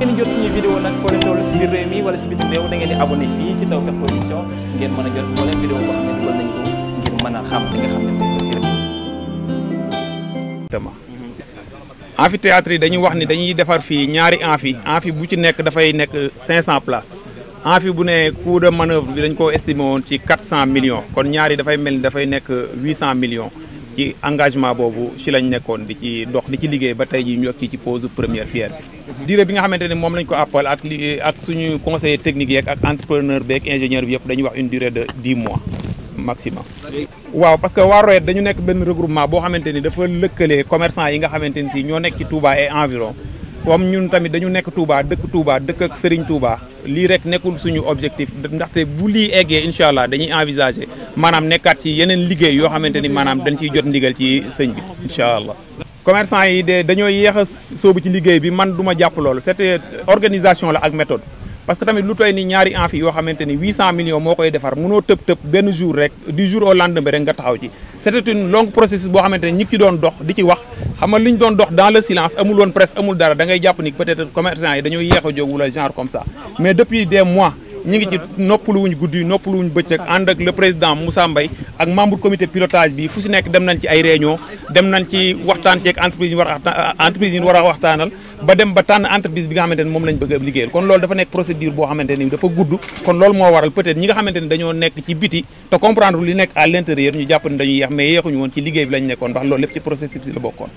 ngeen jot da ngeen di abonné fii si Tawfekh mën a jot moo leen vidéo boo xam wax ni dañuy defar fii ñaari enfi amphi bu ci nekk dafay nekk cent place amphi bu ne coût de manœuvre bi dañ koo estimé woon ci 400 millions kon ñaari dafay mel ni dafay nekk 800 millions. ci engagement boobu ci lañ nekkoon di ci dox di ci liggéey ba tey ñu yokk ci pose première pierre bi durée bi nga xamante ne moom lañ ko appal ak suñu conseiller technique yeeg ak entrepreneur beeg ingénieur bi yëpp dañuy wax une durée de dix mois maximum waaw parce que waa Royet dañu nekk benn regroupement boo xamante ni dafa lëkkalee commerçant yi nga xamante ni si ñoo nekk ci Touba et environ comme ñun tamit dañu nekk Touba dëkk tuubaa dëkk ak Serigne Touba lii rek nekkul suñu objectif ndaxte bu lii eggee incha allah dañuy envisager maanaam nekkaat ci yeneen liggéey yoo xamante ni maanaam dañ ciy jot ndigal ci sëñ bi incha allah. commerçant yi de dañoo yéex a ci liggéey bi man du ma jàpp loolu c'était organisation la ak méthode. parce que tamit lu toy ni ñaari amphi yoo xamante ni 800 millions moo koy defar mënoo tëb tëb benn jour rek du jour au lendemain rek nga taxaw ci c'était une longue processus boo xamante ni ñi ci doon dox di ci xam li ñu doon dox dans le silence amul woon presse amul dara da jàpp ni peut-être yi dañoo yéex a jóg wala genre comme ça mais depuis des mois ñi ngi ci noppaluwuñ guddi noppaluwuñ bëccëg ànd ak le président Moussa Mbaye ak membre comité pilotage bi fu si nekk dem nañ ci ay réunion dem nañ ci waxtaan ceeg entreprise yi war a euh, entreprise yi a waxtaanal ba dem ba tànn entreprise bi nga xamante ne moom lañ bëgg a liggéeyal kon loolu dafa nekk procédure boo xamante ni dafa